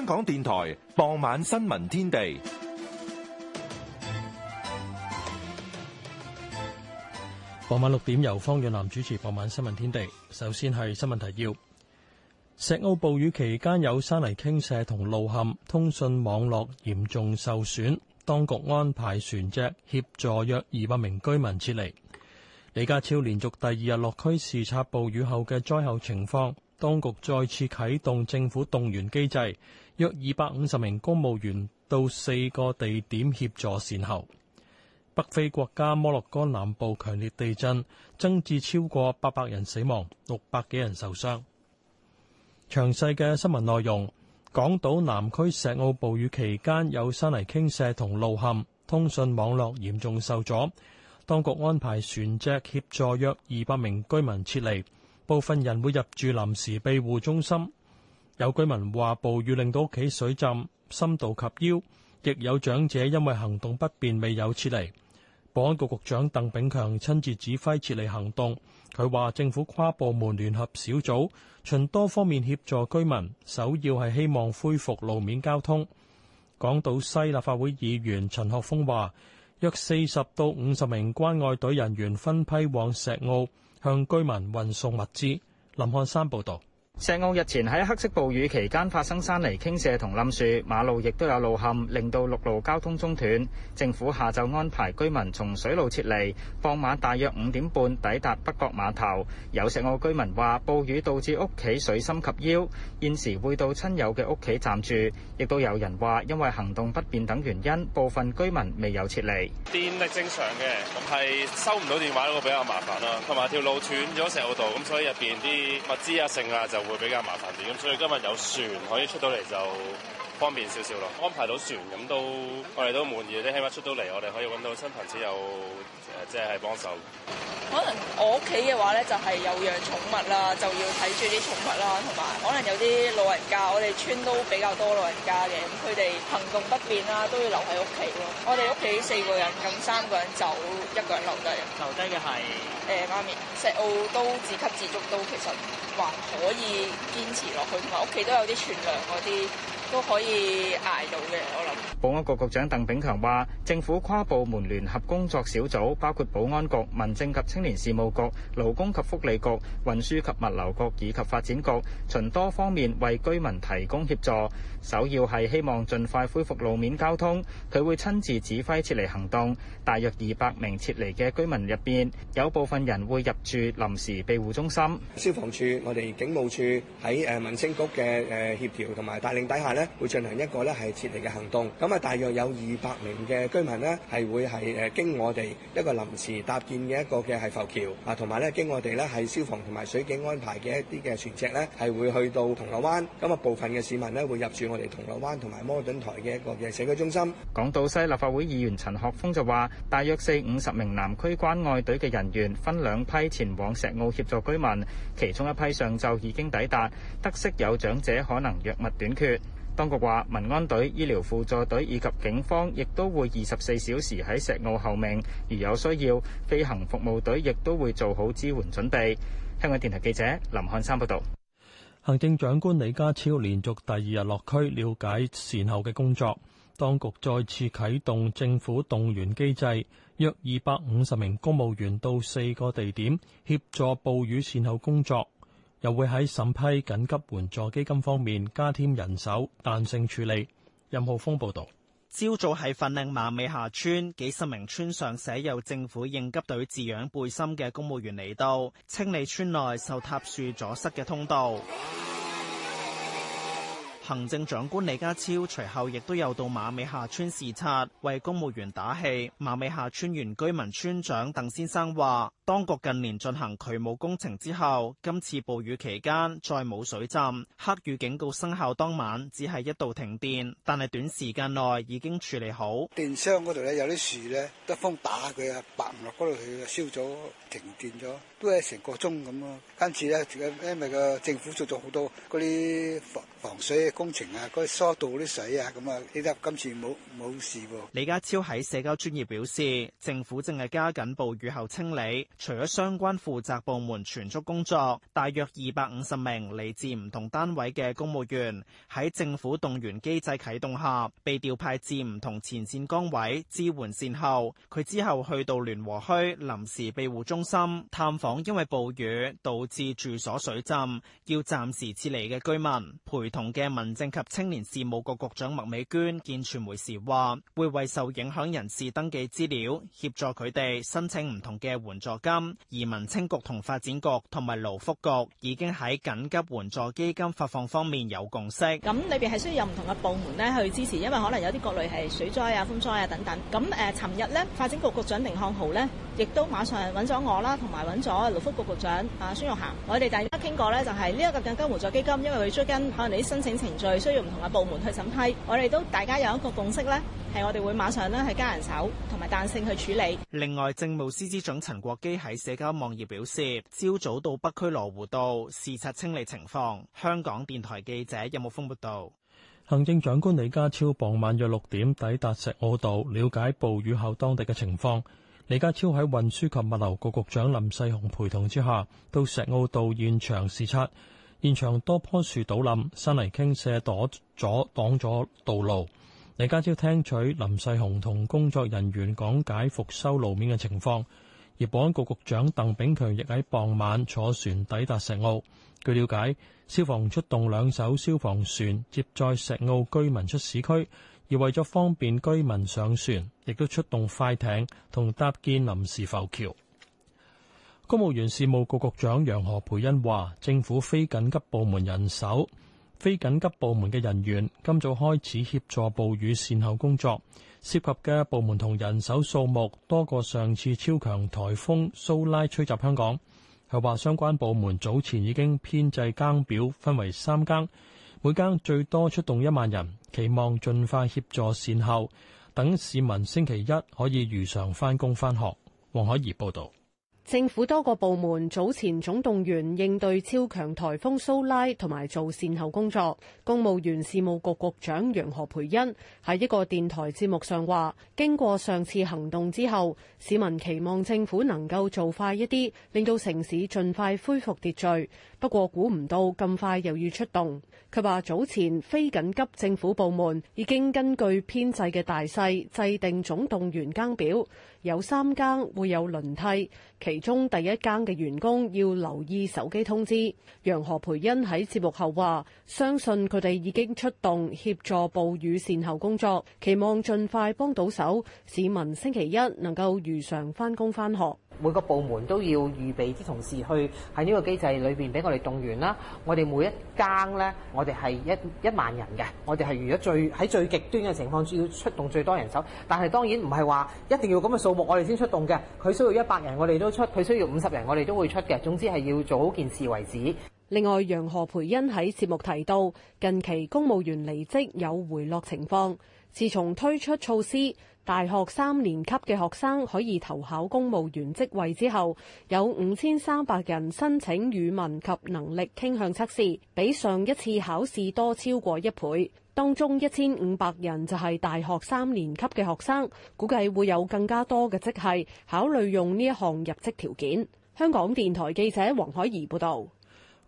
香港電台傍晚新聞天地。傍晚六點由方潤南主持傍晚新聞天地。首先係新聞提要。石澳暴雨期間有山泥傾瀉同路陷，通訊網絡嚴重受損，當局安排船隻協助約二百名居民撤離。李家超連續第二日落區視察暴雨後嘅災後情況。當局再次啟動政府動員機制，約二百五十名公務員到四個地點協助善後。北非國家摩洛哥南部強烈地震，增至超過八百人死亡，六百幾人受傷。詳細嘅新聞內容：港島南區石澳暴雨期間有山泥傾瀉同路陷，通訊網絡嚴重受阻，當局安排船隻協助約二百名居民撤離。部分人會入住臨時庇護中心，有居民話暴雨令到屋企水浸深度及腰，亦有長者因為行動不便未有撤離。保安局局長鄧炳強親自指揮撤離行動，佢話政府跨部門聯合小組循多方面協助居民，首要係希望恢復路面交通。港島西立法會議員陳學峰話約40到50向居民運送物資，林漢山報導。石澳日前喺黑色暴雨期間發生山泥傾瀉同冧樹，馬路亦都有路陷，令到陸路交通中斷。政府下晝安排居民從水路撤離，傍晚大約五點半抵達北角碼頭。有石澳居民話，暴雨導致屋企水深及腰，現時會到親友嘅屋企暫住。亦都有人話，因為行動不便等原因，部分居民未有撤離。電力正常嘅，係收唔到電話，呢個比較麻煩啦。同埋條路斷咗石澳道，咁所以入邊啲物資啊剩啊就。會比較麻煩啲，咁所以今日有船可以出到嚟，就，方便少少咯，安排到船咁都我哋都滿意。你起碼出到嚟，我哋可以揾到親朋戚友即係幫手。可能我屋企嘅話咧，就係有養寵物啦，就要睇住啲寵物啦，同埋可能有啲老人家，我哋村都比較多老人家嘅，咁佢哋行動不便啦，都要留喺屋企咯。我哋屋企四個人，咁三個人走，一個人留低。留低嘅係誒媽咪，石澳都自給自足都，都其實還可以堅持落去，同埋屋企都有啲存糧嗰啲。都可以捱到嘅，我諗。保安局局長鄧炳強話，政府跨部門聯合工作小組包括保安局、民政及青年事務局、勞工及福利局、運輸及物流局以及發展局，循多方面為居民提供協助。首要係希望盡快恢復路面交通。佢會親自指揮撤離行動。大約二百名撤離嘅居民入邊，有部分人會入住臨時庇護中心。消防處、我哋警務處喺誒民政局嘅誒協調同埋帶領底下咧，會進行一個咧係撤離嘅行動，咁啊，大約有二百名嘅居民咧係會係誒經我哋一個臨時搭建嘅一個嘅係浮橋啊，同埋咧經我哋咧係消防同埋水警安排嘅一啲嘅船隻咧係會去到銅鑼灣。咁啊，部分嘅市民咧會入住我哋銅鑼灣同埋摩頓台嘅一個嘅社區中心。港島西立法會議員陳學鋒就話，大約四五十名南區關愛隊嘅人員分兩批前往石澳協助居民，其中一批上晝已經抵達，得悉有長者可能藥物短缺。當局話，民安隊、醫療輔助隊以及警方亦都會二十四小時喺石澳候命，如有需要，飛行服務隊亦都會做好支援準備。香港電台記者林漢山報道。行政長官李家超連續第二日落區了解善後嘅工作，當局再次啟動政府動員機制，約二百五十名公務員到四個地點協助暴雨善後工作。又會喺審批緊急援助基金方面加添人手，彈性處理。任浩峰報導。朝早喺粉嶺馬尾下村，幾十名穿上寫有政府應急隊字樣背心嘅公務員嚟到清理村內受塌樹阻塞嘅通道。 行政長官李家超隨後亦都有到馬尾下村視察，為公務員打氣。馬尾下村原居民村長鄧先生話。當局近年進行渠務工程之後，今次暴雨期間再冇水浸。黑雨警告生效當晚，只係一度停電，但係短時間內已經處理好。電箱嗰度咧有啲樹咧，得風打佢，拔唔落嗰度去，燒咗停電咗，都係成個鐘咁咯。今次咧，因為個政府做咗好多嗰啲防防水工程啊，嗰啲疏導啲水啊，咁啊，記得今次冇冇事喎。李家超喺社交專業表示，政府正係加緊暴雨後清理。除咗相關負責部門全速工作，大約二百五十名嚟自唔同單位嘅公務員喺政府動員機制啟動下，被調派至唔同前線崗位支援善後。佢之後去到聯和墟臨時庇護中心探訪，因為暴雨導致住所水浸，要暫時撤離嘅居民。陪同嘅民政及青年事務局局長麥美娟見傳媒時話，會為受影響人士登記資料，協助佢哋申請唔同嘅援助金。而民青局同發展局同埋勞福局已經喺緊急援助基金發放方面有共識。咁裏邊係需要有唔同嘅部門咧去支持，因為可能有啲國內係水災啊、風災啊等等。咁誒，尋日咧發展局局長甯漢豪咧，亦都馬上揾咗我啦，同埋揾咗勞福局局長啊孫玉菡。我哋大家傾過咧，就係呢一個緊急援助基金，因為佢追根可能你啲申請程序需要唔同嘅部門去審批，我哋都大家有一個共識咧。係我哋會馬上呢，係加人手同埋彈性去處理。另外，政務司司長陳國基喺社交網頁表示，朝早到北區羅湖道視察清理情況。香港電台記者任武峯報道。行政長官李家超傍晚約六點抵達石澳道，了解暴雨後當地嘅情況。李家超喺運輸及物流局局長林世雄陪同之下，到石澳道現場視察。現場多棵樹倒冧，山泥傾瀉，阻阻擋咗道路。李家超聽取林世雄同工作人員講解复修路面嘅情況，而保安局局長鄧炳強亦喺傍晚坐船抵達石澳。據了解，消防出動兩艘消防船接載石澳居民出市區，而為咗方便居民上船，亦都出動快艇同搭建臨時浮橋。公務員事務局局長楊何蓓茵話，政府非緊急部門人手。非緊急部門嘅人員今早開始協助暴雨善後工作，涉及嘅部門同人手數目多過上次超強颱風蘇拉吹襲香港。佢話，相關部門早前已經編制更表，分為三更，每更最多出動一萬人，期望盡快協助善後，等市民星期一可以如常返工返學。黃海怡報導。政府多個部門早前總動員應對超強台風蘇拉，同埋做善後工作。公務員事務局局長楊何培恩喺一個電台節目上話，經過上次行動之後，市民期望政府能夠做快一啲，令到城市盡快恢復秩序。不過估唔到咁快又要出動。佢話早前非緊急政府部門已經根據編制嘅大細制定總動員更表，有三更會有輪替，其中第一更嘅員工要留意手機通知。楊何培恩喺節目後話：相信佢哋已經出動協助暴雨善後工作，期望盡快幫到手，市民星期一能夠如常返工返學。每個部門都要預備啲同事去喺呢個機制裏邊俾我哋動員啦。我哋每一間呢，我哋係一一萬人嘅。我哋係如果最喺最極端嘅情況，要出動最多人手。但係當然唔係話一定要咁嘅數目，我哋先出動嘅。佢需要一百人，我哋都出；佢需要五十人，我哋都會出嘅。總之係要做好件事為止。另外，楊何培恩喺節目提到，近期公務員離職有回落情況。自從推出措施，大學三年級嘅學生可以投考公務員職位之後，有五千三百人申請語文及能力傾向測試，比上一次考試多超過一倍。當中一千五百人就係大學三年級嘅學生，估計會有更加多嘅職系考慮用呢一項入職條件。香港電台記者黃海怡報道。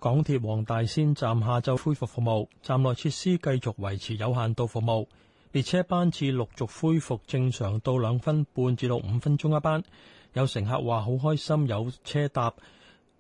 港鐵黃大仙站下晝恢復服、服務，站內設施繼續維持有限度服務，列車班次陸續恢復正常，到兩分半至到五分鐘一班。有乘客話好開心有車搭，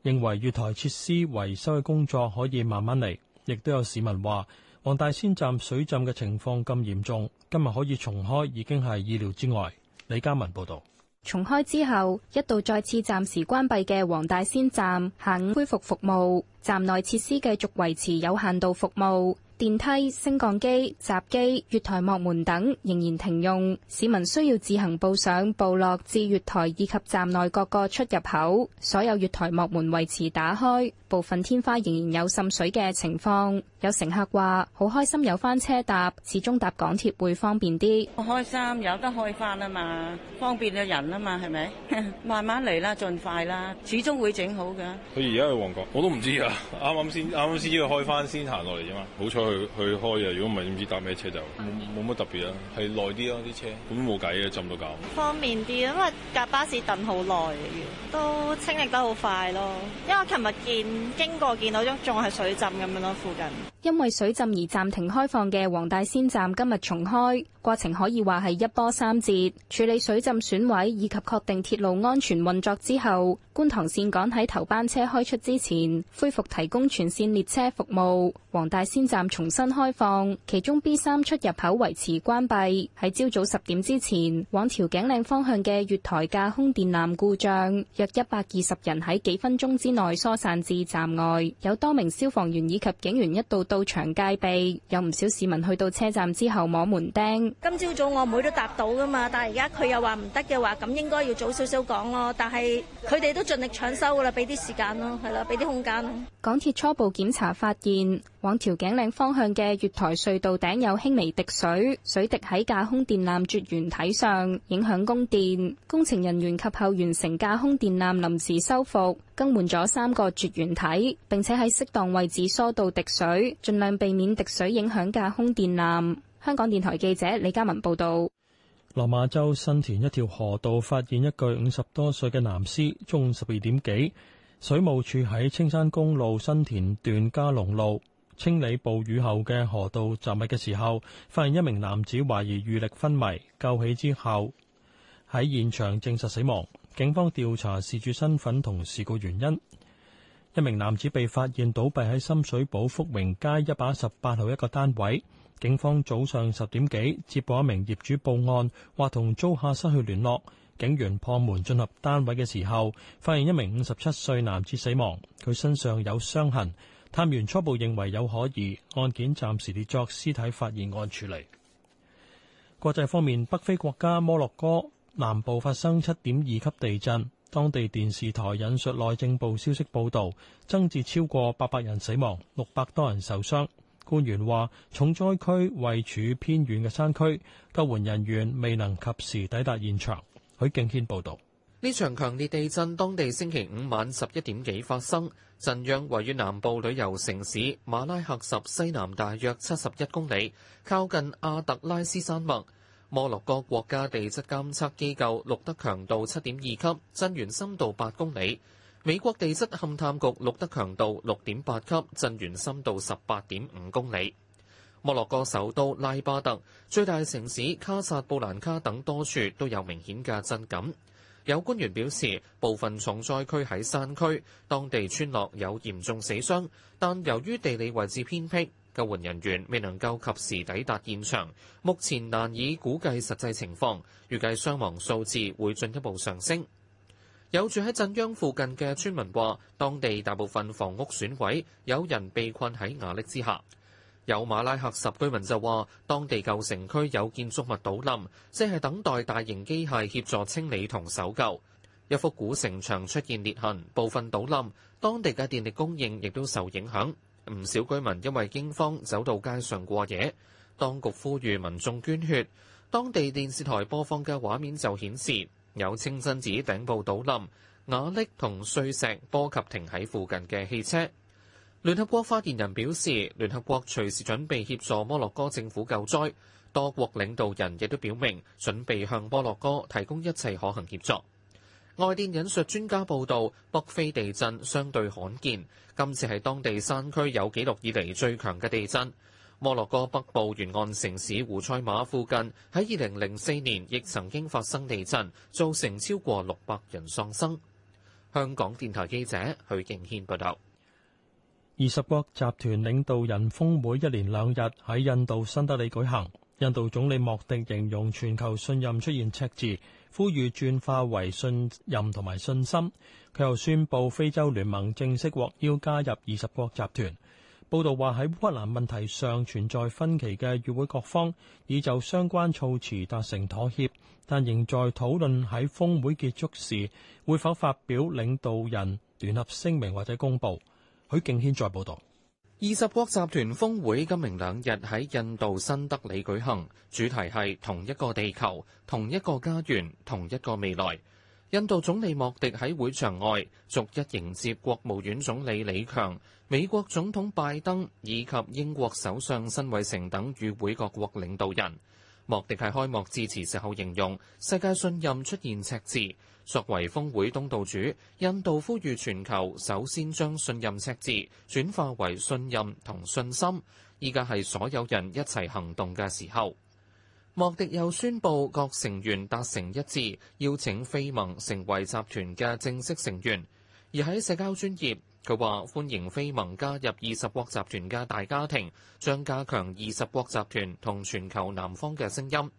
認為月台設施維修嘅工作可以慢慢嚟。亦都有市民話黃大仙站水浸嘅情況咁嚴重，今日可以重開已經係意料之外。李嘉文報道。重開之後，一度再次暫時關閉嘅黃大仙站下午恢復服務，站內設施繼續維持有限度服務。電梯、升降機、閘機、月台幕門等仍然停用，市民需要自行步上步落至月台以及站內各個出入口。所有月台幕門維持打開，部分天花仍然有滲水嘅情況。有乘客話：好開心有翻車搭，始終搭港鐵會方便啲。我開心有得開翻啊嘛，方便咗人啊嘛，係咪？ 慢慢嚟啦，盡快啦，始終會整好㗎。佢而家去旺角，我都唔知啊。啱啱先啱啱先開翻先行落嚟啫嘛，好彩。去去開嘅，如果唔係，唔知搭咩車就冇冇乜特別啦，係耐啲咯啲車，咁冇計嘅，浸到搞。方便啲，因為搭巴士等好耐嘅，都清理得好快咯。因為琴日見經過見到咗仲係水浸咁樣咯，附近。因為水浸而暫停開放嘅黃大仙站今日重開，過程可以話係一波三折，處理水浸損毀以及確定鐵路安全運作之後。觀塘綫趕喺頭班車開出之前恢復提供全線列車服務，黃大仙站重新開放，其中 B 三出入口維持關閉。喺朝早十點之前往調景嶺方向嘅月台架空電纜故障，約一百二十人喺幾分鐘之內疏散至站外，有多名消防員以及警員一度到場戒備，有唔少市民去到車站之後摸門釘。今朝早我妹妹都搭到噶嘛，但係而家佢又話唔得嘅話，咁應該要早少少講咯。但係佢哋都。盡力搶修噶啦，俾啲時間咯，係啦，俾啲空間。港鐵初步檢查發現，往調景嶺方向嘅月台隧道頂有輕微滴水，水滴喺架空電纜絕緣體上，影響供電。工程人員及後完成架空電纜臨時修復，更換咗三個絕緣體，並且喺適當位置疏導滴水，盡量避免滴水影響架空電纜。香港電台記者李嘉文報道。落馬洲新田一條河道發現一具五十多歲嘅男屍，中午十二點幾，水務署喺青山公路新田段加隆路清理暴雨後嘅河道雜物嘅時候，發現一名男子懷疑遇溺昏迷，救起之後喺現場證實死亡。警方調查事主身份同事故原因。一名男子被發現倒斃喺深水埗福榮街一百一十八號一個單位，警方早上十點幾接報一名業主報案，話同租客失去聯絡。警員破門進入單位嘅時候，發現一名五十七歲男子死亡，佢身上有傷痕。探員初步認為有可疑，案件暫時列作屍體發現案處理。國際方面，北非國家摩洛哥南部發生七點二級地震。當地電視台引述內政部消息報道，增至超過八百人死亡，六百多人受傷。官員話，重災區位處偏遠嘅山區，救援人員未能及時抵達現場。許敬軒報道，呢場強烈地震當地星期五晚十一點幾發生，震央位於南部旅遊城市馬拉喀什西南大約七十一公里，靠近阿特拉斯山脈。摩洛哥國，國家地質監測機構錄得強度七點二級，震源深度八公里；美國地質勘探局錄得強度六點八級，震源深度十八點五公里。摩洛哥首都拉巴特、最大城市卡薩布蘭卡等多處都有明顯嘅震感。有官員表示，部分重災區喺山區，當地村落有嚴重死傷，但由於地理位置偏僻。救援人員未能夠及時抵達現場，目前難以估計實際情況，預計傷亡數字會進一步上升。有住喺震央附近嘅村民話，當地大部分房屋損毀，有人被困喺瓦礫之下。有馬拉喀什居民就話，當地舊城區有建築物倒冧，即係等待大型機械協助清理同搜救。一幅古城牆出現裂痕，部分倒冧，當地嘅電力供應亦都受影響。唔少居民因為驚慌走到街上過夜，當局呼籲民眾捐血。當地電視台播放嘅畫面就顯示有清真寺頂部倒冧，瓦礫同碎石波及停喺附近嘅汽車。聯合國發言人表示，聯合國隨時準備協助摩洛哥政府救災。多國領導人亦都表明準備向摩洛哥提供一切可行協助。外電引述專家報道，北非地震相對罕見，今次係當地山區有記錄以嚟最強嘅地震。摩洛哥北部沿岸城市胡塞馬附近喺二零零四年亦曾經發生地震，造成超過六百人喪生。香港電台記者許敬軒報導。二十國集團領導人峰會一連兩日喺印度新德里舉行，印度總理莫迪形容全球信任出現赤字。呼籲轉化為信任同埋信心，佢又宣佈非洲聯盟正式獲邀加入二十國集團。報道話喺烏克蘭問題上存在分歧嘅與會各方已就相關措辭達成妥協，但仍在討論喺峰會結束時會否發表領導人聯合聲明或者公佈。許敬軒再報導。二十國集團峰會今明兩日喺印度新德里舉行，主題係同一個地球、同一個家園、同一個未來。印度總理莫迪喺會場外逐一迎接國務院總理李強、美國總統拜登以及英國首相辛偉誠等與會各國領導人。莫迪喺開幕致辭時候形容世界信任出現赤字。作為峰會東道主，印度呼籲全球首先將信任赤字轉化為信任同信心。依家係所有人一齊行動嘅時候。莫迪又宣布各成員達成一致，邀請非盟成為集團嘅正式成員。而喺社交專業，佢話歡迎非盟加入二十國集團嘅大家庭，將加強二十國集團同全球南方嘅聲音。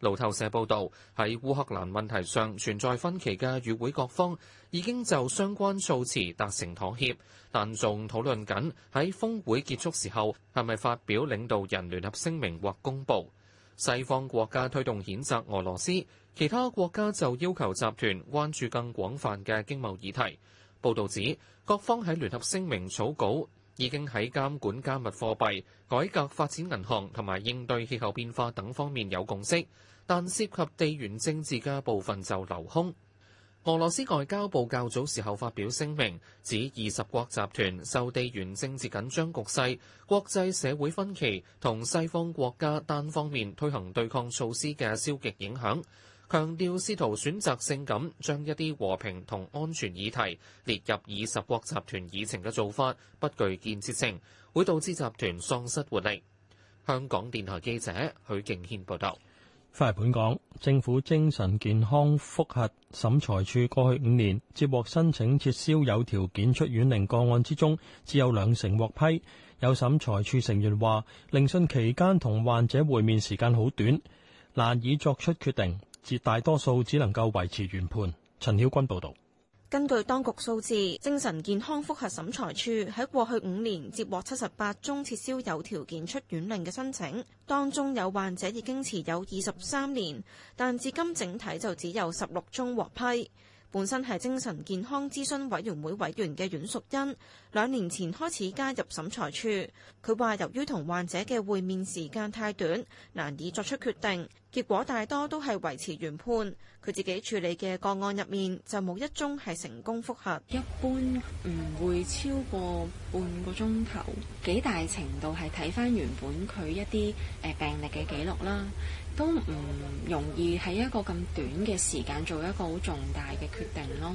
路透社報道，喺烏克蘭問題上存在分歧嘅與會各方已經就相關措辭達成妥協，但仲討論緊喺峰會結束時候係咪發表領導人聯合聲明或公布。西方國家推動譴責俄羅斯，其他國家就要求集團關注更廣泛嘅經貿議題，報道指，各方喺聯合聲明草稿，已經喺監管加密貨幣、改革發展銀行同埋應對氣候變化等方面有共識，但涉及地緣政治嘅部分就留空。俄羅斯外交部較早時候發表聲明，指二十國集團受地緣政治緊張局勢、國際社會分歧同西方國家單方面推行對抗措施嘅消極影響。強調試圖選擇性咁將一啲和平同安全議題列入二十國集團議程嘅做法，不具建設性，會導致集團喪失活力。香港電台記者許敬軒報導。翻嚟本港，政府精神健康覆核審裁處過去五年接獲申請撤銷有條件出院令個案之中，只有兩成獲批。有審裁處成員話，聆訊期間同患者會面時間好短，難以作出決定。絕大多數只能夠維持原判。陳曉君報導。根據當局數字，精神健康覆核審裁處喺過去五年接獲七十八宗撤銷有條件出院令嘅申請，當中有患者已經持有二十三年，但至今整體就只有十六宗獲批。本身係精神健康諮詢委員會委員嘅阮淑欣，兩年前開始加入審裁處。佢話由於同患者嘅會面時間太短，難以作出決定，結果大多都係維持原判。佢自己處理嘅個案入面，就冇一宗係成功複核。一般唔會超過半個鐘頭，幾大程度係睇返原本佢一啲誒病歷嘅記錄啦。都唔容易，喺一個咁短嘅時間做一個好重大嘅決定咯，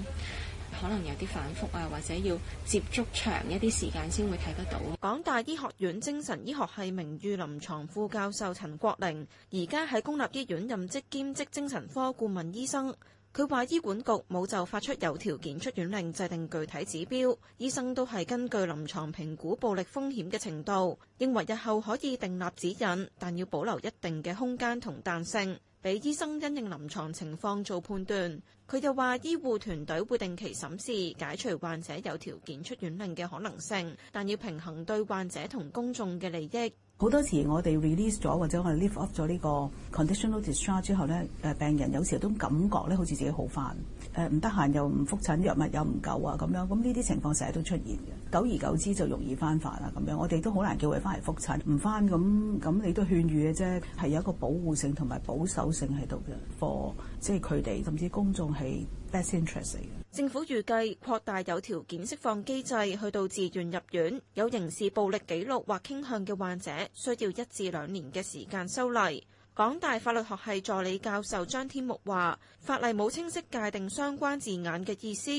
可能有啲反覆啊，或者要接觸長一啲時間先會睇得到。港大醫學院精神醫學系名譽臨牀副教授陳國玲，而家喺公立醫院任職兼職精神科顧問醫生。佢話醫管局冇就發出有條件出院令，制定具體指標，醫生都係根據臨床評估暴力風險嘅程度。認為日後可以訂立指引，但要保留一定嘅空間同彈性，俾醫生因應臨床情況做判斷，佢又話醫護團隊會定期審視解除患者有條件出院令嘅可能性，但要平衡對患者同公眾嘅利益。好多時我哋 release 咗或者我哋 lift up 咗呢個 conditional discharge 之後咧，誒病人有時候都感覺咧好似自己好返，誒唔得閒又唔復診，藥物又唔夠啊，咁樣咁呢啲情況成日都出現嘅。久而久之就容易翻發啦，咁樣我哋都好難叫佢翻嚟復診，唔翻咁咁你都勸喻嘅啫，係有一個保護性同埋保守性喺度嘅，for 即係佢哋甚至公眾係 best interest 嚟嘅。政府預計擴大有條件釋放機制，去到自願入院有刑事暴力記錄或傾向嘅患者，需要一至兩年嘅時間修例。港大法律學系助理教授張天木話：法例冇清晰界定相關字眼嘅意思，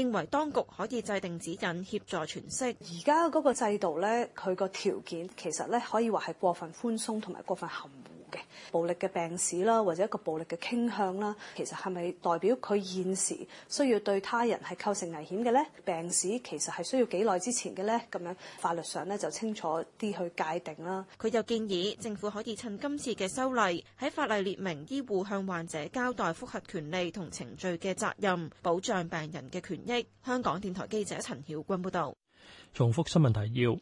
認為當局可以制定指引協助詮釋。而家嗰個制度呢，佢個條件其實呢，可以話係過分寬鬆同埋過分含糊。暴力嘅病史啦，或者一個暴力嘅傾向啦，其實，係咪代表佢現時需要對他人係構成危險嘅咧？病史其實，係需要幾耐之前嘅咧？咁樣法律上咧就清楚啲去界定啦。佢又建議政府可以趁今次嘅修例喺法例列明醫護向患者交代覆核權利同程序嘅責任，保障病人嘅權益。香港電台記者陳曉君報道。重複新聞提要。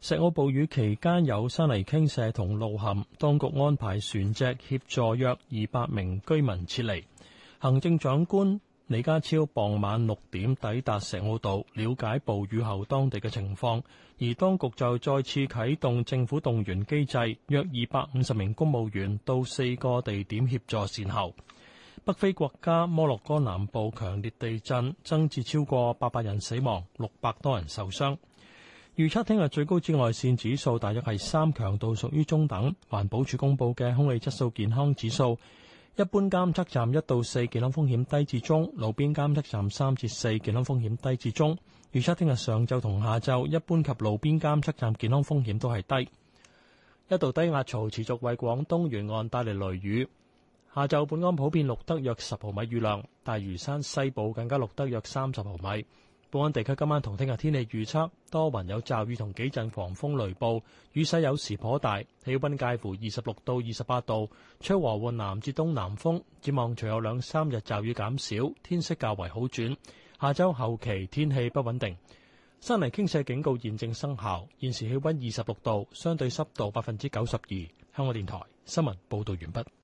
石澳暴雨期間有山泥傾瀉同路陷，當局安排船隻協助約二百名居民撤離。行政長官李家超傍晚六點抵達石澳道，了解暴雨後當地嘅情況。而當局就再次啟動政府動員機制，約二百五十名公務員到四個地點協助善後。北非國家摩洛哥南部強烈地震，增至超過八百人死亡，六百多人受傷。預測聽日最高紫外線指數大約係三，強度屬於中等。環保署公布嘅空氣質素健康指數，一般監測站一到四，健康風險低至中；路邊監測站三至四，健康風險低至中。預測聽日上晝同下晝，一般及路邊監測站健康風險都係低。一度低壓槽持續為廣東沿岸帶嚟雷雨，下晝本港普遍錄得約十毫米雨量，大嶼山西部更加錄得約三十毫米。本港地區今晚同聽日天氣預測，多雲有驟雨同幾陣狂風雷暴，雨勢有時頗大，氣溫介乎二十六到二十八度，吹和緩南至東南風。展望隨後兩三日驟雨減少，天色較為好轉。下周後期天氣不穩定，山泥傾瀉警告現正生效。現時氣溫二十六度，相對濕度百分之九十二。香港電台新聞報道完畢。